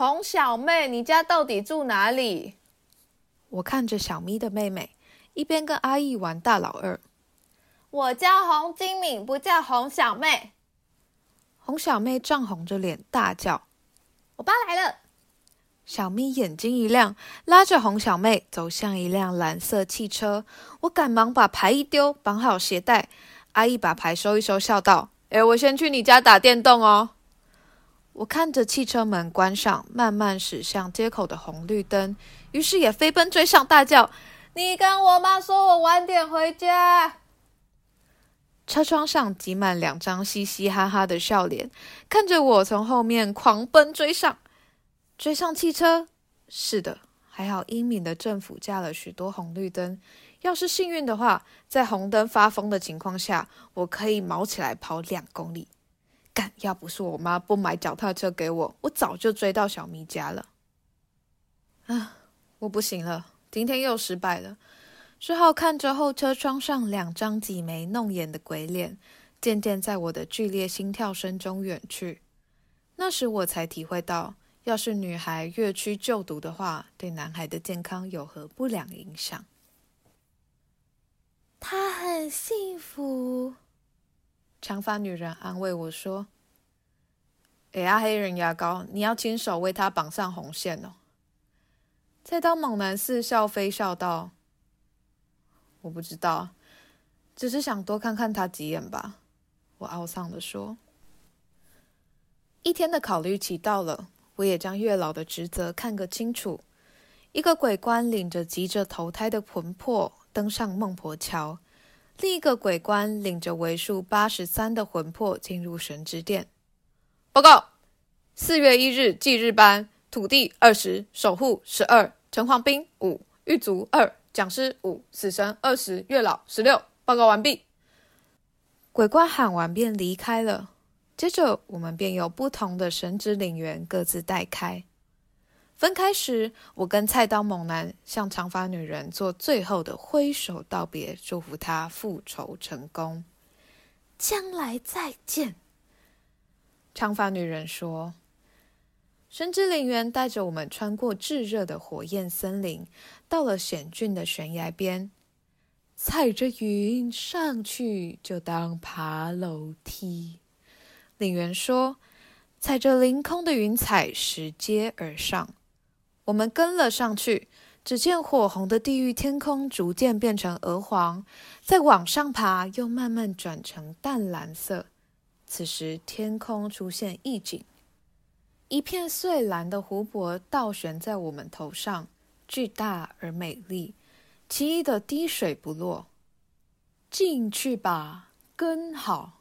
紅小妹，你家到底住哪裡？我看着小咪的妹妹，一邊跟阿姨玩大老二。我叫洪金敏，不叫紅小妹。紅小妹漲紅着臉大叫：“我爸來了！”小咪眼睛一亮，拉着紅小妹走向一輛藍色汽車。我趕忙把牌一丟，綁好鞋帶。阿姨把牌收一收，笑道：“誒，我先去你家打電動哦。”我看着汽車門關上，慢慢駛向街口的紅綠燈，於是也飛奔追上，大叫：“你跟我媽說，我晚點回家。”車窗上擠滿兩張嘻嘻哈哈的笑臉，看着我從後面狂奔追上，追上汽車？是的，還好英明的政府架了許多紅綠燈，要是幸運的話，在紅燈發瘋的情況下，我可以卯起來跑兩公里。幹！要不是我媽不買腳踏車給我，我早就追到小咪家了。啊，我不行了，今天又失敗了。只好看着後車窗上兩張擠眉弄眼的鬼臉，漸漸在我的劇烈心跳聲中遠去。那時我才體會到，要是女孩越區就讀的話，對男孩的健康有何不良影響？他很幸福。長髮女人安慰我說：“哎、欸、呀，啊、黑人牙膏，你要親手為他綁上紅線哦。”再到猛男似笑非笑道：“我不知道，只是想多看看他幾眼吧。”我懊喪的說：“一天的考慮期到了，我也將月老的職責看個清楚。一個鬼官領着急着投胎的魂魄登上孟婆橋。”另一個鬼官領着為數八十三的魂魄進入神之殿。報告：四月一日忌日班，土地二十，守護十二，城隍兵五，獄卒二，講師五，死神二十，月老十六。報告完畢。鬼官喊完便離開了。接着，我們便有不同的神職領員各自帶開。分開時，我跟菜刀猛男向長髮女人做最後的揮手道別，祝福她復仇成功。將來再見。長髮女人說：“神之領員帶着我們穿過炙熱的火焰森林，到了險峻的懸崖邊，踩着雲上去，就當爬樓梯。”領員說：“踩着凌空的雲彩，拾階而上。”我們跟了上去，只見火紅的地獄天空逐漸變成鵝黃，再往上爬，又慢慢轉成淡藍色。此時天空出現異景，一片翠藍的湖泊倒懸在我們頭上，巨大而美麗，奇異的滴水不落。進去吧，跟好。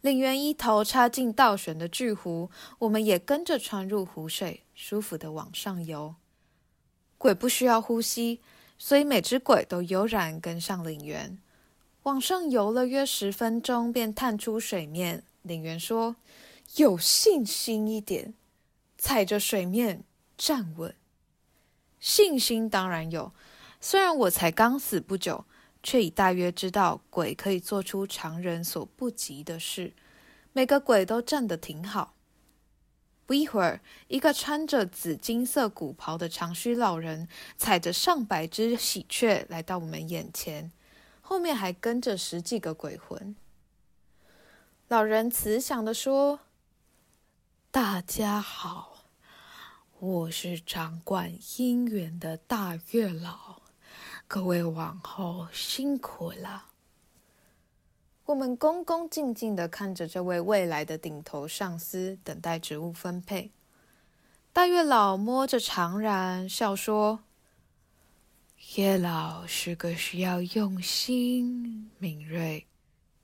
領員一頭插進倒懸的巨湖，我們也跟着穿入湖水，舒服的往上游。鬼不需要呼吸，所以每隻鬼都悠然跟上領員，往上游了約十分鐘，便探出水面。領員說：“有信心一點，踩着水面站穩。”信心當然有，雖然我才剛死不久。卻已大約知道鬼可以做出常人所不及的事。每個鬼都站得挺好。不一會兒，一個穿着紫金色古袍的長鬚老人，踩着上百隻喜鵲來到我們眼前，後面還跟着十幾個鬼魂。老人慈祥地說：“大家好，我是掌管姻緣的大月老。”各位往後辛苦了，我們恭恭敬敬的看着這位未來的頂頭上司，等待職務分配。大月老摸着長髯笑說：“月老是個需要用心、敏銳、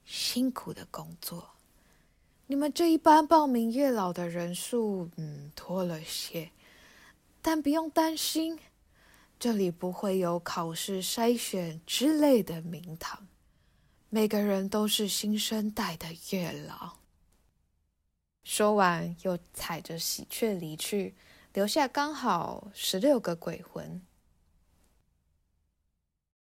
辛苦的工作。你們這一班報名月老的人數，嗯，多了些，但不用擔心。”這裡不會有考試篩選之類的名堂，每個人都是新生代的月老。說完，又踩着喜鵲離去，留下剛好十六個鬼魂。